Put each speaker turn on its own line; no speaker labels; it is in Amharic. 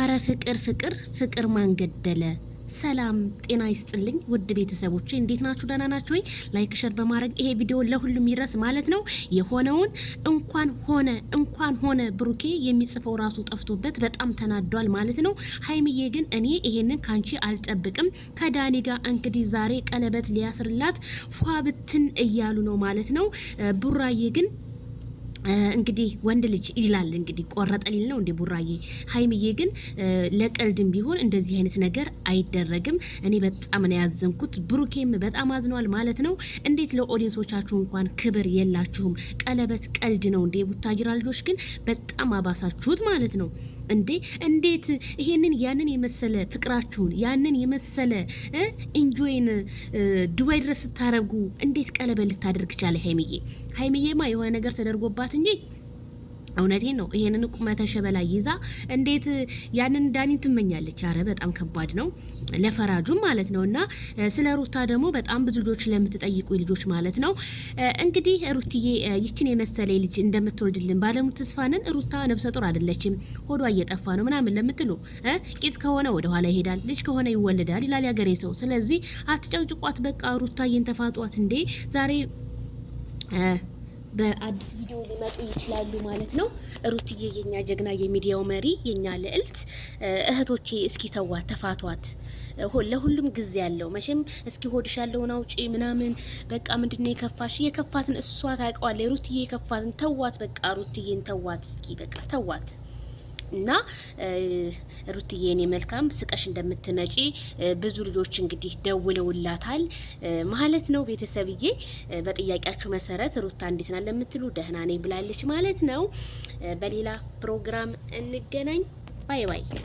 አረ ፍቅር ፍቅር ፍቅር ማን ገደለ? ሰላም ጤና ይስጥልኝ ውድ ቤተሰቦቼ እንዴት ናችሁ? ደህና ናችሁ ወይ? ላይክ ሸር በማድረግ ይሄ ቪዲዮ ለሁሉም ይድረስ ማለት ነው። የሆነውን እንኳን ሆነ እንኳን ሆነ ብሩኬ የሚጽፈው ራሱ ጠፍቶበት በጣም ተናዷል ማለት ነው። ሀይሚዬ ግን እኔ ይሄንን ካንቺ አልጠብቅም። ከዳኒ ጋር እንግዲህ ዛሬ ቀለበት ሊያስርላት ፏብትን እያሉ ነው ማለት ነው። ቡራዬ ግን እንግዲህ ወንድ ልጅ ይላል እንግዲህ ቆረጠ ሊል ነው እንዴ ቡራዬ? ሀይምዬ ግን ለቀልድም ቢሆን እንደዚህ አይነት ነገር አይደረግም። እኔ በጣም ነው ያዘንኩት፣ ብሩኬም በጣም አዝኗል ማለት ነው። እንዴት ለኦዲየንሶቻችሁ እንኳን ክብር የላችሁም? ቀለበት ቀልድ ነው እንዴ? ቡታጅራ ልጆች ግን በጣም አባሳችሁት ማለት ነው እንዴ! እንዴት ይሄንን ያንን የመሰለ ፍቅራችሁን ያንን የመሰለ ኢንጆይን ዱባይ ድረስ ስታረጉ እንዴት ቀለበት ልታደርግ ቻለ? ሀይምዬ ሀይምዬማ የሆነ ነገር ተደርጎባት አለባት እንጂ እውነቴ ነው። ይሄንን ቁመተ ሸበላ ይዛ እንዴት ያንን ዳኒ ትመኛለች? አረ በጣም ከባድ ነው፣ ለፈራጁም ማለት ነው። እና ስለ ሩታ ደግሞ በጣም ብዙ ልጆች ለምትጠይቁ ልጆች ማለት ነው እንግዲህ ሩትዬ ይችን የመሰለ ልጅ እንደምትወልድልን ባለሙ ተስፋንን ሩታ ነብሰ ጡር አይደለችም፣ ሆዷ እየጠፋ ነው ምናምን ለምትሉ ቂጥ ከሆነ ወደኋላ ይሄዳል፣ ልጅ ከሆነ ይወልዳል ይላል ያገሬ ሰው። ስለዚህ አትጨውጭቋት፣ በቃ ሩታ እየንተፋጧት እንዴ ዛሬ በአዲስ ቪዲዮ ሊመጡ ይችላሉ ማለት ነው። ሩትዬ የኛ ጀግና፣ የሚዲያው መሪ፣ የኛ ልዕልት እህቶቼ፣ እስኪ ተዋት፣ ተፋቷት። ለሁሉም ጊዜ ያለው መቼም እስኪ ሆድሽ ያለውን አውጪ ምናምን በቃ ምንድነው የከፋሽ? የከፋትን እሷ ታውቀዋለች። ሩትዬ የከፋትን ተዋት፣ በቃ ሩትዬን ተዋት፣ እስኪ በቃ ተዋት። እና ሩትዬ እኔ መልካም ስቀሽ እንደምትመጪ ብዙ ልጆች እንግዲህ ደውለውላታል ማለት ነው። ቤተሰብዬ በጥያቄያችሁ መሰረት ሩታ እንዴት ናት ለምትሉ ደህና ነኝ ብላለች ማለት ነው። በሌላ ፕሮግራም እንገናኝ። ባይ ባይ።